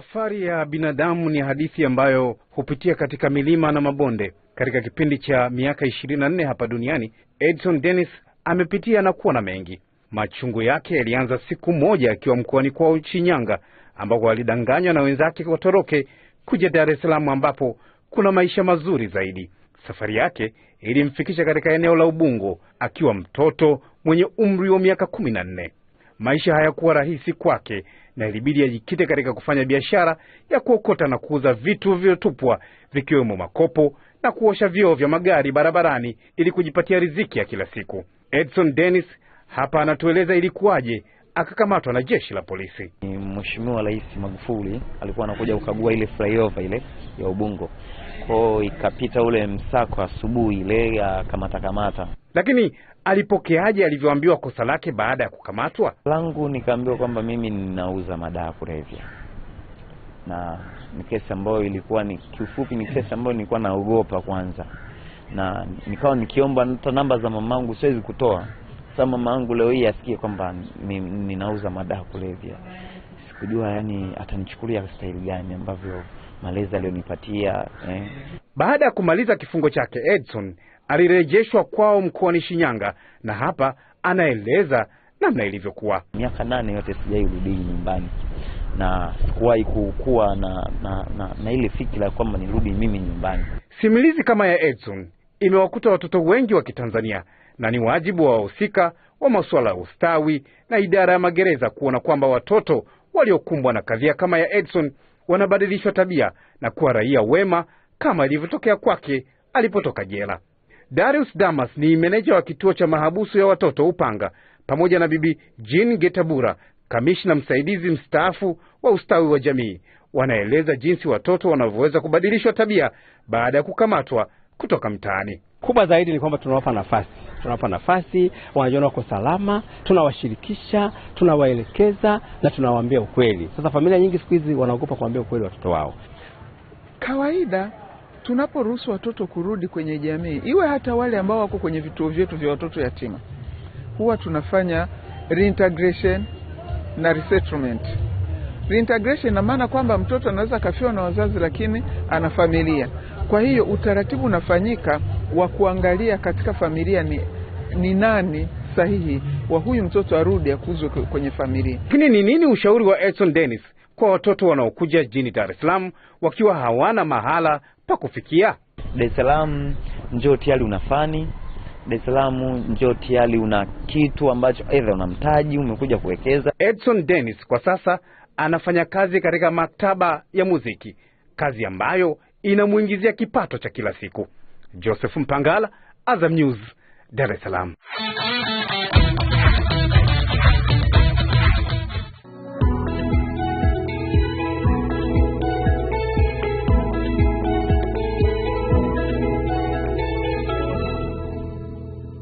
Safari ya binadamu ni hadithi ambayo hupitia katika milima na mabonde. Katika kipindi cha miaka 24 hapa duniani, Edson Dennis amepitia na kuona mengi. Machungu yake yalianza siku moja akiwa mkoani kwao Shinyanga, ambako alidanganywa na wenzake watoroke kuja Dar es Salaam ambapo kuna maisha mazuri zaidi. Safari yake ilimfikisha katika eneo la Ubungo akiwa mtoto mwenye umri wa miaka 14 maisha hayakuwa rahisi kwake na ilibidi ajikite katika kufanya biashara ya kuokota na kuuza vitu vilivyotupwa vikiwemo makopo na kuosha vioo vya magari barabarani ili kujipatia riziki ya kila siku. Edson Dennis hapa anatueleza ilikuwaje akakamatwa na jeshi la polisi. Mheshimiwa Rais Magufuli alikuwa anakuja kukagua ile flyover ile ya Ubungo, kwao ikapita ule msako asubuhi ile ya kamata kamata. Lakini alipokeaje alivyoambiwa kosa lake baada ya kukamatwa? Langu nikaambiwa kwamba mimi ninauza madawa kulevya na ni kesi ambayo ilikuwa ni kiufupi, ni kesi ambayo nilikuwa naogopa kwanza, na nikawa nikiomba hata namba za mamangu siwezi kutoa sasa mama yangu leo hii asikie kwamba ninauza madawa kulevya, sikujua yani atanichukulia staili gani ambavyo malezi aliyonipatia eh. Baada ya kumaliza kifungo chake Edson alirejeshwa kwao mkoani Shinyanga, na hapa anaeleza namna ilivyokuwa. Miaka nane yote sijai rudi nyumbani na sikuwahi kukuwa na, na, na, na ile fikira kwamba nirudi mimi nyumbani. Simulizi kama ya Edson imewakuta watoto wengi wa Kitanzania na ni wajibu wa wahusika wa masuala ya ustawi na idara ya magereza kuona kwamba watoto waliokumbwa na kadhia kama ya Edson wanabadilishwa tabia na kuwa raia wema kama ilivyotokea kwake alipotoka jela. Darius Damas ni meneja wa kituo cha mahabusu ya watoto Upanga pamoja na Bibi Jean Getabura, kamishna msaidizi mstaafu wa ustawi wa jamii, wanaeleza jinsi watoto wanavyoweza kubadilishwa tabia baada ya kukamatwa kutoka mtaani. Kubwa zaidi ni kwamba tunawapa nafasi tunawapa nafasi, wanajiona wako salama, tunawashirikisha, tunawaelekeza na tunawaambia ukweli. Sasa familia nyingi siku hizi wanaogopa kuambia ukweli watoto wao. Kawaida tunaporuhusu watoto kurudi kwenye jamii, iwe hata wale ambao wako kwenye vituo vyetu vya watoto yatima, huwa tunafanya reintegration na resettlement. Reintegration ina maana kwamba mtoto anaweza akafiwa na wazazi, lakini ana familia. Kwa hiyo utaratibu unafanyika wa kuangalia katika familia ni ni nani sahihi wa huyu mtoto arudi akuzwe kwenye familia. Lakini ni nini ushauri wa Edson Dennis kwa watoto wanaokuja jijini Dar es Salaam wakiwa hawana mahala pa kufikia? Dar es Salaam njoo tayari una fani. Dar es Salaam njoo tayari una kitu ambacho aidha una mtaji umekuja kuwekeza. Edson Dennis kwa sasa anafanya kazi katika maktaba ya muziki, kazi ambayo inamuingizia kipato cha kila siku. Joseph Mpangala, Azam News. dar es salaam